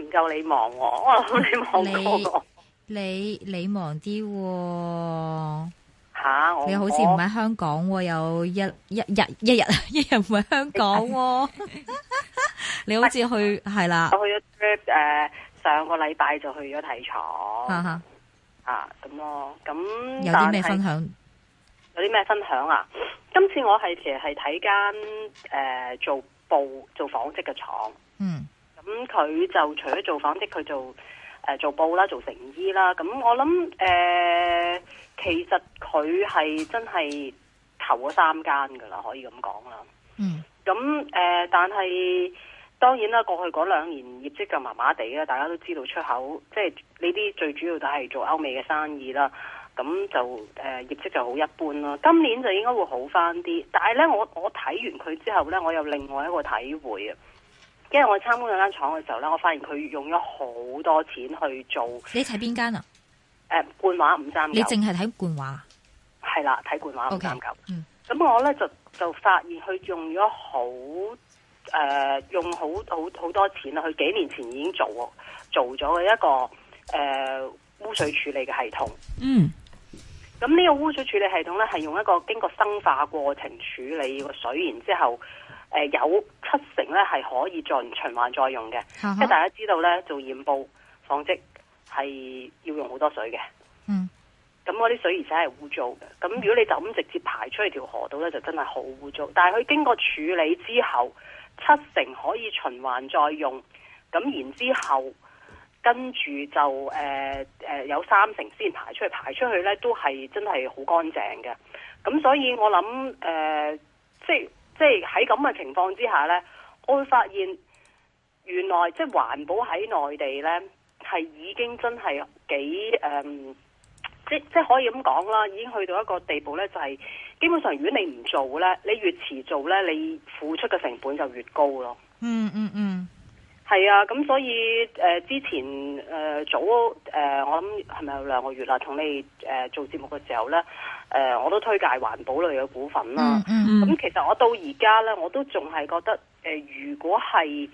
唔夠你忙我，我你忙我你你，你忙啲吓、啊，你好似唔喺香港、啊，有一一,一,一,一日一日一日唔喺香港、啊，嗯、 你好似去係、嗯、啦，我去咗誒、呃、上個禮拜就去咗睇廠，啊咁咯，咁、啊、有啲咩分享？有啲咩分享啊？今次我係其實係睇間誒做布做紡織嘅廠，嗯。咁佢就除咗做紡織，佢做誒、呃、做布啦，做成衣啦。咁我諗誒、呃，其實佢係真係投咗三間噶啦，可以咁講啦。嗯。咁誒、呃，但係當然啦，過去嗰兩年業績就麻麻地啦。大家都知道出口，即係呢啲最主要就係做歐美嘅生意啦。咁就誒、呃、業績就好一般啦。今年就應該會好翻啲。但係咧，我我睇完佢之後咧，我有另外一個體會啊。因為我參觀嗰間廠嘅時候咧，我發現佢用咗好多錢去做。你睇邊間啊？誒、呃，冠華五三九，你淨係睇冠華？係啦，睇冠華五三九。嗯，咁我咧就就發現佢用咗好誒、呃，用好好好多錢啦。佢幾年前已經做做咗嘅一個誒、呃、污水處理嘅系統。嗯。咁呢個污水處理系統咧，係用一個經過生化過程處理個水，然之後。誒、呃，有七成咧係可以再循環再用嘅，即、uh-huh. 係大家知道咧做染布紡織係要用好多水嘅，嗯，咁嗰啲水而且係污糟嘅，咁如果你就咁直接排出去條河道咧，就真係好污糟。但係佢經過處理之後，七成可以循環再用，咁然之後跟住就誒誒、呃呃、有三成先排出去，排出去咧都係真係好乾淨嘅。咁所以我諗誒、呃，即係。即係喺咁嘅情況之下呢，我會發現，原來即係環保喺內地呢，係已經真係幾誒、嗯，即即係可以咁講啦，已經去到一個地步呢就係、是、基本上如果你唔做呢，你越遲做呢，你付出嘅成本就越高咯。嗯嗯嗯。嗯。係啊，咁所以誒、呃、之前誒、呃、早誒、呃、我諗係咪有兩個月啦，同你誒、呃、做節目嘅時候咧，誒、呃、我都推介環保類嘅股份啦。咁、嗯嗯嗯嗯、其實我到而家咧，我都仲係覺得誒、呃，如果係誒、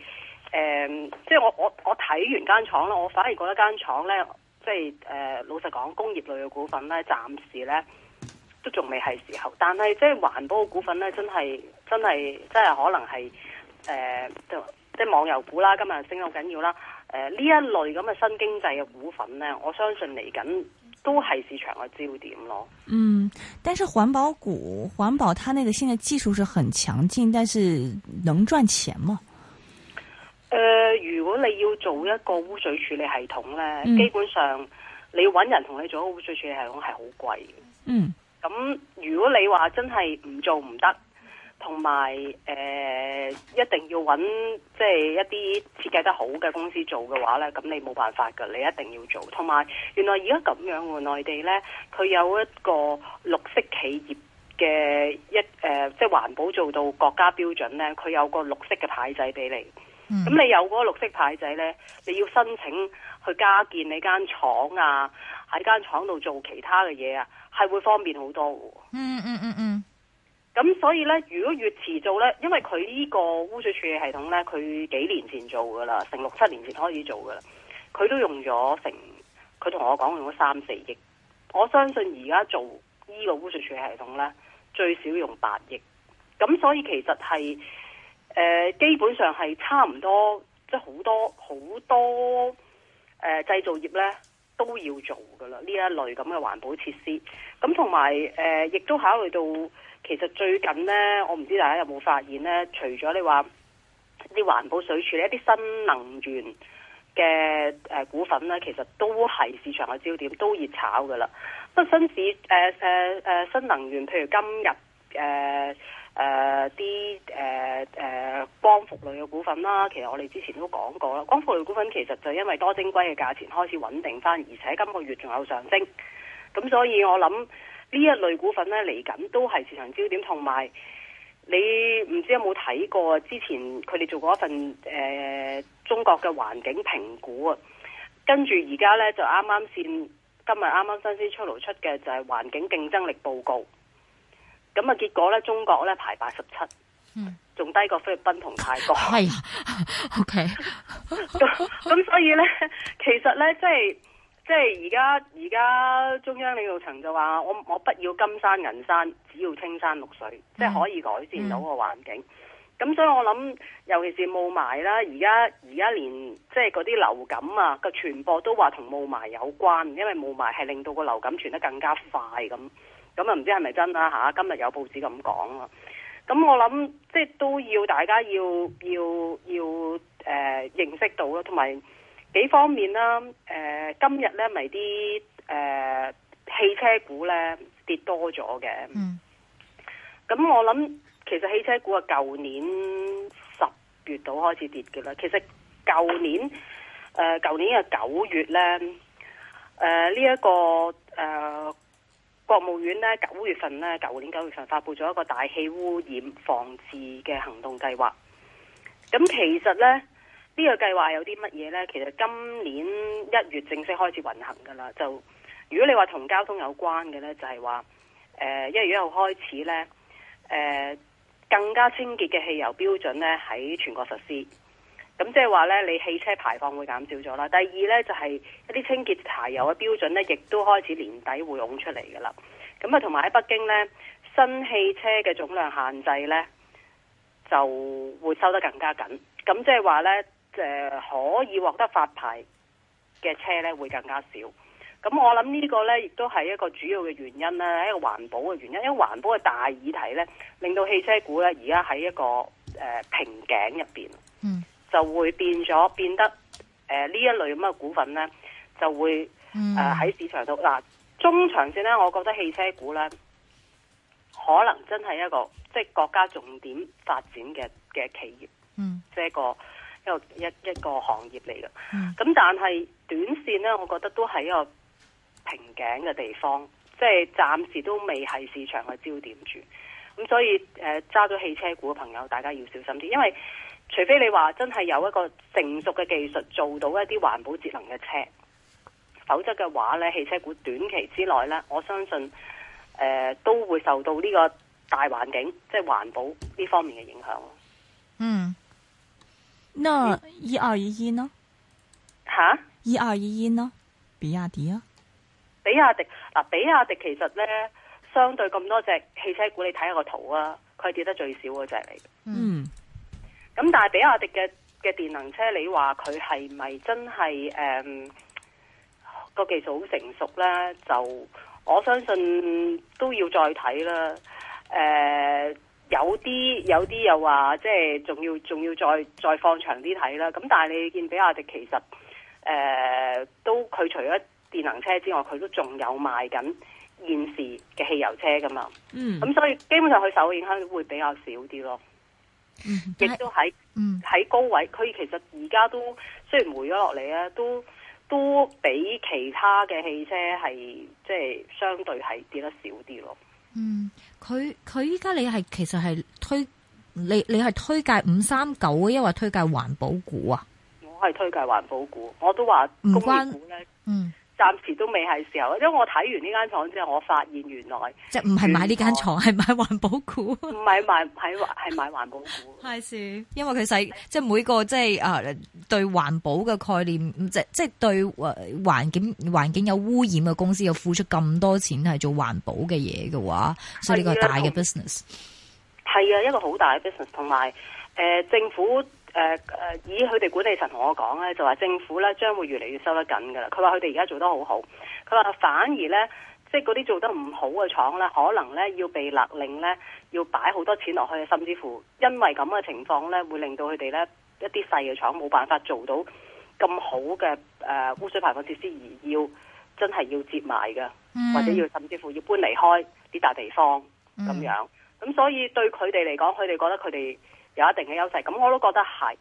呃，即係我我我睇完間廠啦，我反而覺得間廠咧，即係誒、呃、老實講，工業類嘅股份咧，暫時咧都仲未係時候。但係即係環保嘅股份咧，真係真係真係可能係誒、呃即即係網遊股啦，今日升好緊要啦。誒、呃，呢一類咁嘅新經濟嘅股份咧，我相信嚟緊都係市場嘅焦點咯。嗯，但是環保股，環保，它那個現在技術是很強勁，但是能賺錢嗎？誒、呃，如果你要做一個污水處理系統咧、嗯，基本上你搵人同你做一個污水處理系統係好貴嘅。嗯。咁、嗯、如果你話真係唔做唔得。同埋誒，一定要揾即係一啲設計得好嘅公司做嘅話咧，咁你冇辦法嘅，你一定要做。同埋原來而家咁樣喎，內地咧，佢有一個綠色企業嘅一誒、呃，即係環保做到國家標準咧，佢有個綠色嘅牌仔俾你。咁、嗯、你有嗰個綠色牌仔咧，你要申請去加建你間廠啊，喺間廠度做其他嘅嘢啊，係會方便好多嘅。嗯嗯嗯嗯。嗯咁所以咧，如果越遲做咧，因為佢呢個污水處理系統咧，佢幾年前做㗎喇，成六七年前開始做㗎喇，佢都用咗成，佢同我講用咗三四億。我相信而家做呢個污水處理系統咧，最少用八億。咁所以其實係誒、呃、基本上係差唔多，即係好多好多誒、呃、製造業咧都要做㗎喇呢一類咁嘅環保設施。咁同埋誒亦都考慮到。其實最近呢，我唔知大家有冇發現呢？除咗你話啲環保水處理一啲新能源嘅誒股份呢，其實都係市場嘅焦點，都熱炒㗎喇。不過新市誒誒誒新能源，譬如今日誒誒啲誒誒光伏類嘅股份啦，其實我哋之前都講過啦。光伏類股份其實就因為多晶硅嘅價錢開始穩定返，而且今個月仲有上升，咁所以我諗。呢一類股份呢，嚟緊都係市場焦點，同埋你唔知有冇睇過之前佢哋做過一份誒、呃、中國嘅環境評估啊，跟住而家呢，就啱啱先今日啱啱新鮮出爐出嘅就係環境競爭力報告，咁啊結果呢，中國呢排八十七，嗯，仲低過菲律賓同泰國，係，OK，咁所以呢，其實呢，即係。即係而家而家中央領導層就話：我我不要金山銀山，只要青山綠水，嗯、即係可以改善到個環境。咁、嗯、所以我諗，尤其是霧霾啦，而家而家連即係嗰啲流感啊，個傳播都話同霧霾有關，因為霧霾係令到個流感傳得更加快咁。咁啊唔知係咪真啦嚇？今日有報紙咁講啊。咁我諗即係都要大家要要要誒、呃、認識到啦，同埋。幾方面啦，誒、呃，今日咧，咪啲誒汽車股咧跌多咗嘅。咁、嗯、我諗其實汽車股係，舊年十月度開始跌嘅啦。其實舊年誒，舊、呃、年嘅九月咧，誒呢一個誒、呃、國務院咧九月份咧，舊年九月份發布咗一個大氣污染防治嘅行動計劃，咁其實咧。呢、這個計劃有啲乜嘢呢？其實今年一月正式開始運行㗎啦。就如果你話同交通有關嘅呢，就係話誒一月一號開始呢，誒、呃、更加清潔嘅汽油標準呢喺全國實施。咁即係話呢，你汽車排放會減少咗啦。第二呢，就係、是、一啲清潔柴油嘅標準呢，亦都開始年底會湧出嚟㗎啦。咁啊，同埋喺北京呢，新汽車嘅總量限制呢，就會收得更加緊。咁即係話呢。誒、呃，可以獲得發牌嘅車咧，會更加少。咁我諗呢個咧，亦都係一個主要嘅原因啦，一個環保嘅原因。因為環保嘅大議題咧，令到汽車股咧而家喺一個誒瓶頸入邊，嗯就、呃，就會變咗變得誒呢一類咁嘅股份咧，就會誒喺市場度嗱、呃、中長線咧，我覺得汽車股咧可能真係一個即係、就是、國家重點發展嘅嘅企業，嗯，即係個。一個一個行業嚟嘅，咁但係短線呢，我覺得都係一個瓶頸嘅地方，即係暫時都未係市場嘅焦點住。咁所以誒，揸咗汽車股嘅朋友，大家要小心啲，因為除非你話真係有一個成熟嘅技術，做到一啲環保節能嘅車，否則嘅話呢，汽車股短期之內呢，我相信誒、呃、都會受到呢個大環境，即係環保呢方面嘅影響。嗯。那一二一一呢？吓？一二一一呢？比亞迪啊，比亞迪嗱，比亞迪其實呢，相對咁多隻汽車股，你睇下個圖啊，佢跌得最少嗰隻嚟。嗯。咁、嗯、但係比亞迪嘅嘅電能車，你話佢係咪真係誒個技術好成熟呢，就我相信都要再睇啦。誒、呃。有啲有啲又話即係仲要仲要再再放長啲睇啦，咁但係你見比亞迪其實誒、呃、都佢除咗電能車之外，佢都仲有賣緊現時嘅汽油車噶嘛，mm. 嗯，咁所以基本上佢受嘅影響會比較少啲咯，亦、mm. 都喺喺、mm. 高位，佢其實而家都雖然回咗落嚟啊，都都比其他嘅汽車係即係相對係跌得少啲咯。嗯，佢佢依家你係其實係推你你係推介五三九啊，亦或推介環保股啊？我係推介環保股，我都話工業股咧，唔關嗯。暫時都未係時候，因為我睇完呢間廠之後，我發現原來即係唔係買呢間廠，係買環保股。唔係買喺環係買環保股，係事。因為佢使即係每個即係啊，對環保嘅概念，即係即係對環境環境有污染嘅公司，又付出咁多錢係做環保嘅嘢嘅話，所以呢個大嘅 business 係啊，一個好大嘅 business，同埋誒政府。誒、呃、誒，以佢哋管理層同我講咧，就話政府咧將會越嚟越收得緊噶啦。佢話佢哋而家做得好好，佢話反而咧，即係嗰啲做得唔好嘅廠咧，可能咧要被勒令咧要擺好多錢落去，甚至乎因為咁嘅情況咧，會令到佢哋咧一啲細嘅廠冇辦法做到咁好嘅誒、呃、污水排放設施，而要真係要接埋嘅，mm. 或者要甚至乎要搬離開呢笪地方咁樣。咁、mm. 所以對佢哋嚟講，佢哋覺得佢哋有一定嘅優勢，咁我都覺得係，誒，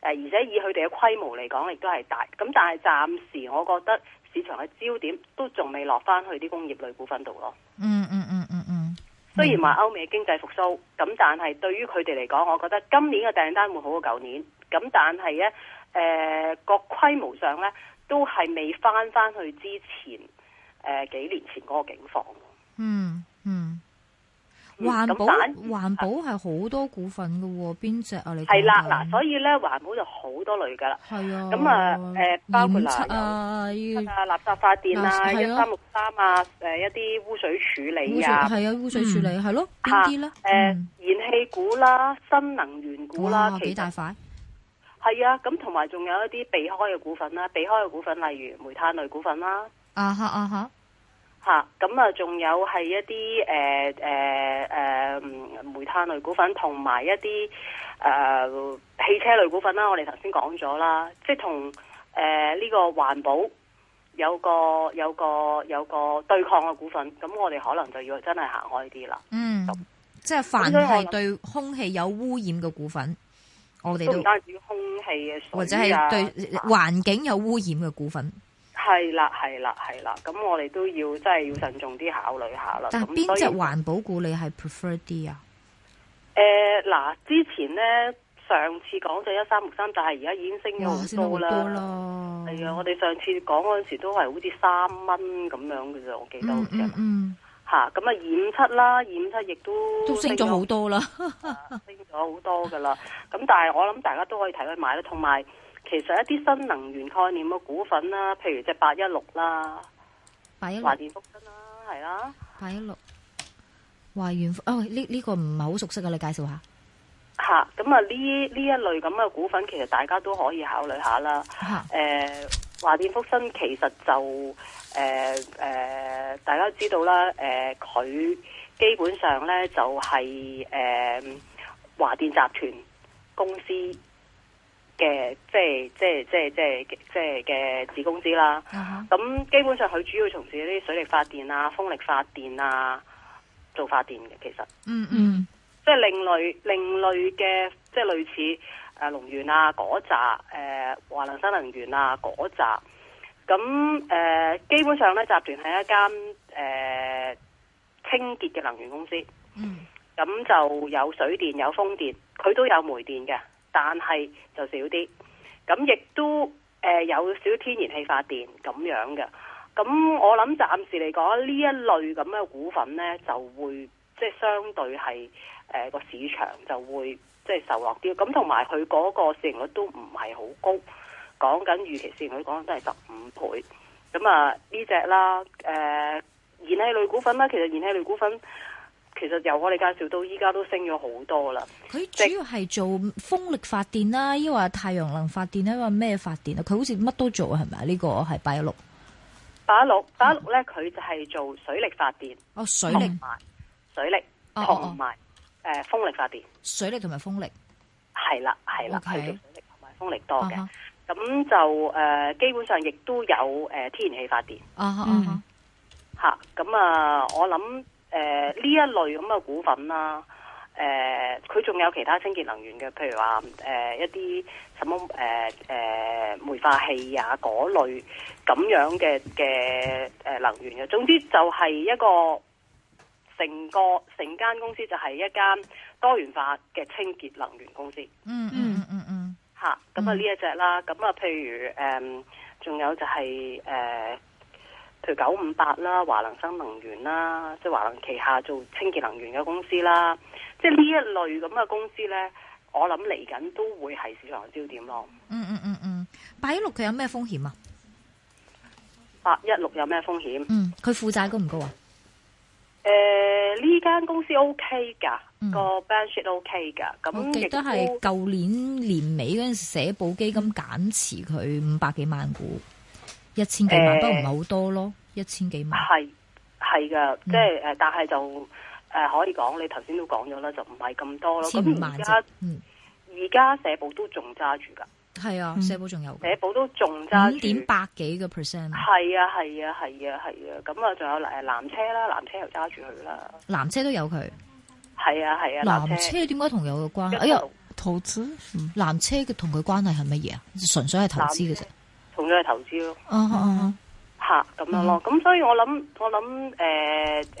而且以佢哋嘅規模嚟講，亦都係大。咁但係暫時，我覺得市場嘅焦點都仲未落翻去啲工業類股份度咯。嗯嗯嗯嗯嗯。雖然話歐美的經濟復甦，咁但係對於佢哋嚟講，我覺得今年嘅訂單會好過舊年。咁但係咧，誒、呃，個規模上咧，都係未翻翻去之前誒、呃、幾年前嗰個境況。嗯。環保環、嗯、保係好多股份噶喎，邊隻啊你？係啦，嗱，所以咧環保就好多類噶啦。係啊，咁、呃、啊，誒，包括啦，啊，垃圾發電啊，一三六三啊，誒、啊呃，一啲污水處理啊，係啊，污水處理係咯，邊啲咧？誒、啊啊呃，燃氣股啦、啊，新能源股啦、啊，其實幾大塊？係啊，咁同埋仲有一啲避開嘅股份啦、啊，避開嘅股份例如煤炭類股份啦、啊。啊哈啊哈。吓咁啊，仲有係一啲誒誒誒煤炭類股份，同埋一啲誒汽車類股份啦。我哋頭先講咗啦，即係同誒呢個環保有個有個有個對抗嘅股份。咁我哋可能就要真係行開啲啦。嗯，即係凡係對空氣有污染嘅股份，我哋都唔單止空氣嘅，或者係對環境有污染嘅股份。係啦，係啦，係啦，咁我哋都要真係要慎重啲考慮下啦。但係邊隻環保股你係 prefer 啲啊？誒，嗱，之前咧，上次講咗一三六三，但係而家已經升咗好多啦。係、哦、啊，我哋上次講嗰陣時候都係好似三蚊咁樣嘅啫，我記得。嗯嗯。吓、嗯，咁啊，二五七啦，二五七亦都都升咗好多啦、啊，升咗好多噶啦。咁 但係我諗大家都可以睇佢買啦，同埋。其實一啲新能源概念嘅股份啦，譬如隻八一六啦，八一六華電福新啦，係啦，八一六華電福哦，呢呢、呢個唔係好熟悉啊，你介紹下吓。咁啊，呢呢一類咁嘅股份，其實大家都可以考慮下啦。吓、啊，誒、呃，華電福新其實就誒誒、呃呃，大家都知道啦，誒、呃，佢基本上咧就係誒華電集團公司。嘅即係即係即係即係即係嘅子公司啦。咁、uh-huh. 基本上佢主要從事啲水力發電啊、風力發電啊做發電嘅。其實嗯嗯、mm-hmm.，即係另類另類嘅，即係類似誒、呃啊呃、龍源啊，嗰扎誒華能新能源啊嗰扎。咁誒、呃、基本上咧，集團係一間誒、呃、清潔嘅能源公司。嗯。咁就有水電有風電，佢都有煤電嘅。但係就少啲，咁亦都誒有少天然氣發電咁樣嘅，咁我諗暫時嚟講呢一類咁嘅股份呢，就會即係、就是、相對係誒個市場就會即係、就是、受落啲，咁同埋佢嗰個市盈率都唔係好高，講緊預期市盈率講緊都係十五倍，咁啊呢隻啦誒、呃，燃氣類股份啦，其實燃氣類股份。其實由我哋介紹到依家都升咗好多啦。佢主要係做風力發電啦，抑或太陽能發電，呢個咩發電啊？佢好似乜都做係咪啊？呢、這個係八一六，八一六，八一六咧，佢就係做水力發電。哦，水力，水力同埋誒風力發電。哦哦哦、水力同埋風力係啦，係啦，係、okay. 做水力同埋風力多嘅。咁、啊、就誒、呃、基本上亦都有誒、呃、天然氣發電。啊、哈嗯哼，吓咁啊，我諗。誒、呃，呢一類咁嘅股份啦、啊，誒、呃，佢仲有其他清潔能源嘅，譬如話誒、呃、一啲什麼誒誒、呃呃、煤化氣啊嗰類咁樣嘅嘅誒能源嘅，總之就係一個成個成間公司就係一間多元化嘅清潔能源公司。嗯嗯嗯嗯，吓、嗯，咁、嗯、啊呢、嗯、一隻啦，咁啊譬如誒，仲、呃、有就係、是、誒。呃佢九五八啦，華能新能源啦，即係華能旗下做清潔能源嘅公司啦，即係呢一類咁嘅公司咧，我諗嚟緊都會係市場焦點咯。嗯嗯嗯嗯，八一六佢有咩風險啊？八一六有咩風險？嗯，佢負債高唔高啊？誒、嗯，呢間、呃、公司 OK 噶、嗯，個 balance 都 OK 噶，咁亦都係舊年年尾嗰陣時，社保基金減持佢五百幾萬股。一千幾萬都唔係好多咯，一千幾萬係係噶，即係誒，但係、嗯、就誒、呃、可以講，你頭先都講咗啦，就唔係咁多咯。千五萬啫，而、嗯、家社保都仲揸住噶，係啊、嗯，社保仲有，社保都仲揸五點八幾個 percent，係啊，係啊，係啊，係啊，咁啊，仲、啊、有誒纜車啦，纜車又揸住佢啦，纜車都有佢，係啊係啊，纜車點解同有個關係？誒、哎，投資，嗯，藍車嘅同佢關係係乜嘢啊？純粹係投資嘅啫。同咗係投資咯、uh-huh. 嗯，嗯嗯，吓咁樣咯，咁所以我諗我諗誒誒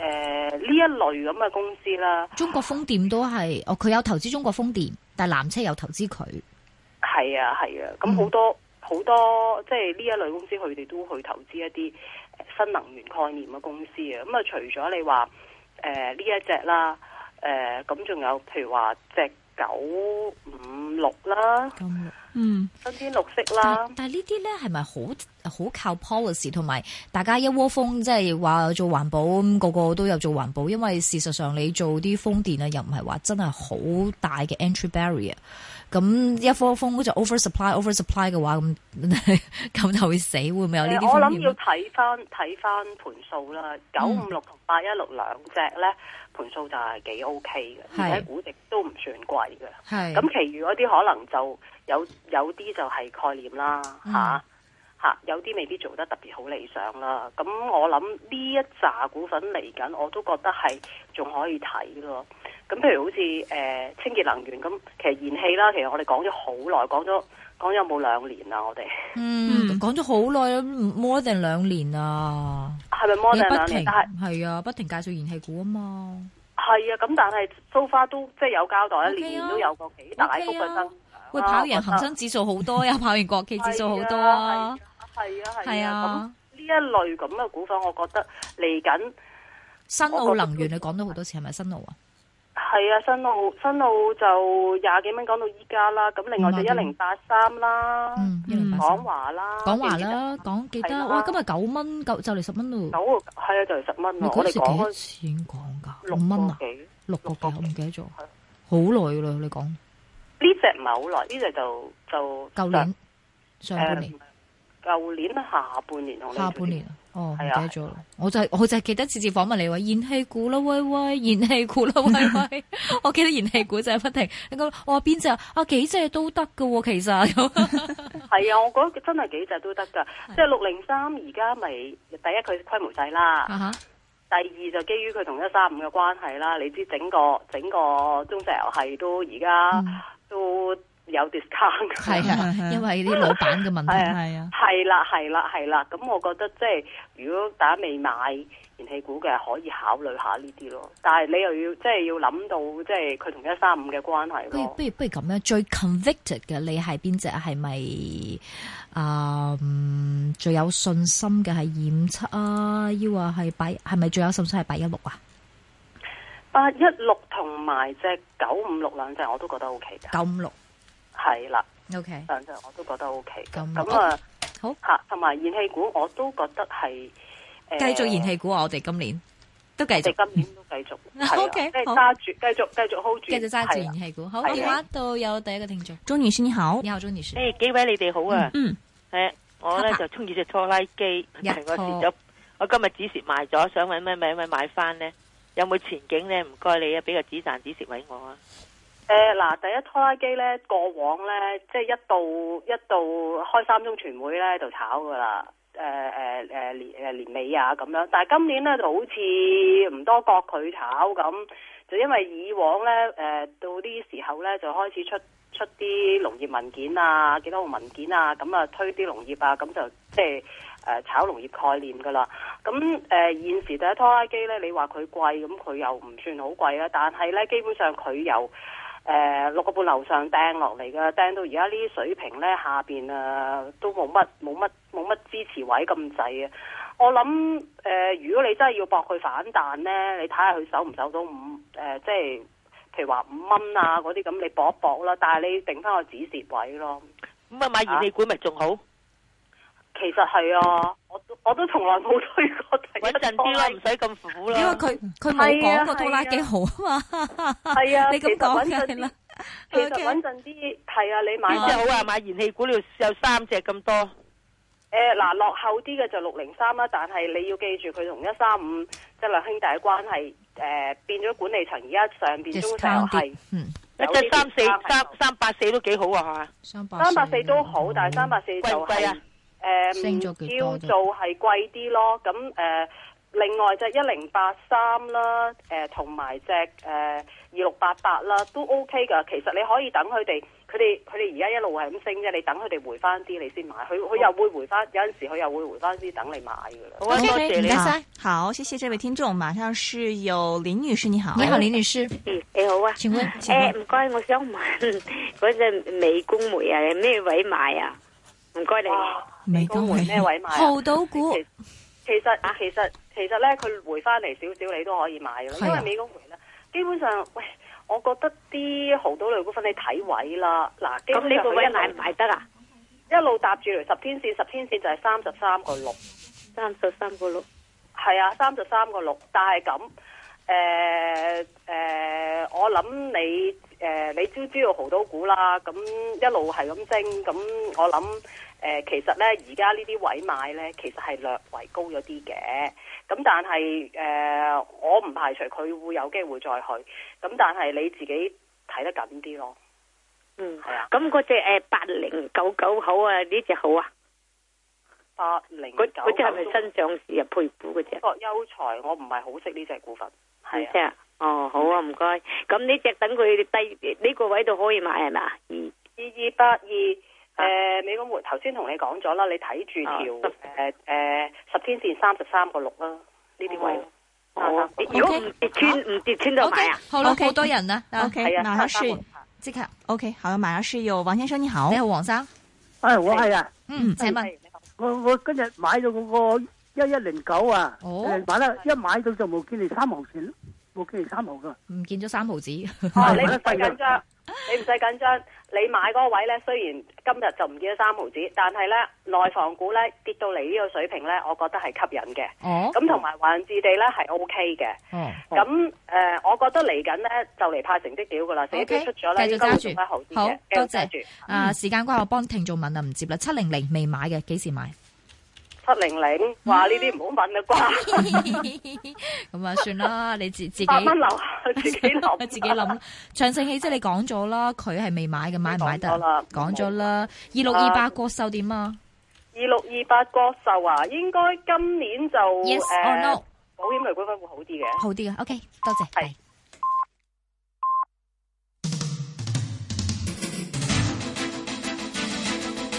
呢一類咁嘅公司啦，中國風電都係，哦佢有投資中國風電，但係南車有投資佢，係啊係啊，咁好、啊嗯嗯、多好多即係呢一類公司佢哋都去投資一啲新能源概念嘅公司啊。咁、嗯、啊除咗你話誒呢一隻啦，誒咁仲有譬如話即。隻九五六啦，嗯，新天綠色啦。但係呢啲咧，係咪好好靠 policy？同埋大家一窩蜂,蜂，即係話做環保，個個都有做環保。因為事實上你做啲風電啊，又唔係話真係好大嘅 entry barrier。咁一窩蜂好似 over supply，over supply 嘅話，咁咁 就會死，會唔會有呢啲、呃？我諗要睇翻睇翻盤數啦，九五六同八一六兩隻咧。盤數就係幾 OK 嘅，而且估值都唔算貴嘅。咁，其餘嗰啲可能就有有啲就係概念啦，嚇、嗯、嚇、啊、有啲未必做得特別好理想啦。咁我諗呢一扎股份嚟緊，我都覺得係仲可以睇咯。咁譬如好似誒、呃、清潔能源咁，其實燃氣啦，其實我哋講咗好耐，講咗講咗有冇兩年啦，我哋嗯講咗好耐啊，冇一定兩年啊。嗯係咪 m o d e r 但係係啊，不停介紹燃氣股啊嘛。係啊，咁但係 so far 都即係有交代，年、okay、年、啊、都有個幾大幅嘅增長。喂，跑完恒生指數好多啊，跑完國企指數好多啊。係 啊，係啊，係啊。呢、啊啊啊、一類咁嘅股份，我覺得嚟緊新奧能源，你講咗好多次，係咪新奧啊？係啊，新路新路就廿幾蚊講到依家啦，咁另外就一零八三啦，嗯，港華啦，港華啦，港記得、啊，哇，今日九蚊就嚟十蚊咯，九係啊，就嚟十蚊咯。你嗰時幾多錢講噶？六蚊啊，六六個，個，個幾，我唔記得咗，好耐噶啦，你講呢隻唔係好耐，呢隻就就舊年上半年，舊年下半年，下半年啊。哦，唔記得咗、啊啊，我就係我就係記得次次訪問你話、啊，燃氣股啦喂喂，燃氣股啦喂喂。 我記得燃氣股就係不停， 你講我話邊隻啊？幾隻都得噶喎，其實係啊， 我覺得真係幾隻都得㗎、啊，即係六零三而家咪第一佢規模細啦，uh-huh. 第二就基於佢同一三五嘅關係啦，你知整個整個中石油係都而家、嗯、都。有 discount，係啊，因為啲老闆嘅問題，係 啊，係啦，係啦，係啦，咁我覺得即係如果大家未買燃氣股嘅，可以考慮下呢啲咯。但係你又要即係要諗到，即係佢同一三五嘅關係。不如不如不如咁樣，最 convicted 嘅你係邊隻？係咪啊？最有信心嘅係二五七啊？要話係八，係咪最有信心係八一六啊？八一六同埋隻九五六兩隻我都覺得 O K 噶。九五六。係啦，OK，反正我都覺得 OK。咁咁啊，好吓，同埋燃氣股我都覺得係，誒、呃，繼續燃氣股、啊、我哋今，今年都繼續，今年都繼續，OK，揸住，繼續繼續 hold 住，繼續揸住燃氣股。好，而家到有第一個聽眾，鍾女士你好，你好鍾女士，誒，hey，幾位你哋好啊？嗯，係、嗯 yeah，啊，我咧就中意隻拖拉機，成個蝕咗，我今日止蝕賣咗，想問咩咩咩買翻，呢有冇前景咧？唔該你啊，俾個止賺止蝕位我啊。誒，嗱，第一拖拉機咧，過往咧，即係一到一到開三中全會咧就炒噶啦，誒誒誒年誒年尾啊咁樣，但係今年咧就好似唔多覺佢炒咁，就因為以往咧，誒到啲時候咧就開始出出啲農業文件啊，幾多個文件啊，咁啊推啲農業啊，咁就即係誒炒農業概念噶啦，咁誒現時第一拖拉機咧，你話佢貴，咁佢又唔算好貴啊，但係咧基本上佢又。誒、呃，六個半樓上掟落嚟嘅，掟到而家呢啲水平咧，下邊啊，都冇乜冇乜冇乜支持位咁滯啊！我諗誒、呃，如果你真係要搏佢反彈咧，你睇下佢守唔守到五誒、呃，即係譬如話五蚊啊嗰啲咁，你搏一搏啦。但係你定翻個止蝕位咯。咁啊，買燃氣管咪仲好？其實係啊，我我都從來冇推過底穩陣啲啦，唔使咁苦啦。因為佢佢冇講個拖拉幾好啊嘛。係啊，啊 是啊 你咁講嘅。其實穩陣啲，係、嗯 okay. 啊，你買。啲、哦、好啊，買燃氣股你要有三隻咁多。誒、嗯，嗱、呃，落後啲嘅就六零三啦，但係你要記住佢同一三五即係兩兄弟嘅關係。誒、呃，變咗管理層，而家上邊中成係。三隻。一即三四三三八四都幾好啊，吓。三八四,四都好，但係三八四就貴啊。誒、呃，叫做係貴啲咯，咁、呃、誒，另外隻一零八三啦，誒、呃，同埋隻誒二六八八啦，都 OK 噶。其實你可以等佢哋，佢哋佢哋而家一路係咁升啫，你等佢哋回翻啲，你先買。佢佢又會回翻、哦，有陣時佢又會回翻啲，等你買噶啦。好，OK，多謝你，好，謝謝這位聽眾。馬上是有林女士，你好，啊，你好，林女士，你、 欸，好啊，請問誒，唔該，欸，我想問嗰隻，那個、美高梅啊，喺咩位買啊？唔該你。哦美工回咩位買啊？濠賭股其實啊，其實其實咧，佢回翻嚟少少，你都可以買嘅，啊，因為美工回咧，基本上喂我覺得啲濠賭類股份你睇位啦。嗱，基本上你個位買唔買得啊，一路搭住十天線，十天線就係三十三個六，三十三個六，係啊，三十三個六，但係咁。誒、呃、誒、呃，我諗你誒、呃，你知唔知道好多股啦。咁一路係咁升，咁我諗誒、呃，其實咧而家呢啲位買咧，其實係略為高咗啲嘅。咁但係誒、呃，我唔排除佢會有機會再去。咁但係你自己睇得緊啲咯。嗯，係啊。咁嗰隻誒八零九九好啊，呢隻好啊。八零九，嗰隻係咪新上市啊？配股嗰隻？博、這個、優才，我唔係好識呢隻股份。係啊，啊，哦，好啊，唔該。咁呢隻等佢低呢、這個位度可以買係咪？二二二八二，誒、啊呃，美國頭先同你講咗啦，你睇住條誒誒、啊呃呃、十天線三十三個六啦，呢啲位。哦，好啊、如果唔跌穿唔跌穿就買啊？啊買 okay，好啦，okay。好多人 okay，啊，係、okay，啊，拿下算，即刻。OK，好，買阿舒黃先生你好，你好，黃生，誒、哎，我係啊，嗯，請問、哎。嗯哎請問哎我我今日買咗嗰個一一零九啊，oh. 嗯、買得一買到就冇見你三毫錢，冇見你三毫噶，唔見咗三毫紙、 啊。你你唔使緊張，你買嗰個位咧，雖然今日就唔見咗三毫紙，但係咧內房股咧跌到嚟呢個水平咧、哦 OK 哦哦，我覺得係吸引嘅。哦，咁同埋恒指地咧係 O K 嘅。咁誒，我覺得嚟緊咧就嚟派成績表噶啦，成績出咗咧應該會轉翻好啲嘅。好，多謝。啊、嗯，時間關係，我幫聽眾問啊，唔接啦。七零零未買嘅，幾時買？七零零，話呢啲唔好問啦啩，咁啊算啦，你自自己留下，自己留， 自己諗。長城汽車你講咗啦，佢係未買嘅，買唔買得？講咗啦，二六二八國壽點啊？二六二八國壽啊，應該今年就誒，yes or no? 保險類股份會好啲嘅，好啲嘅。OK，多謝。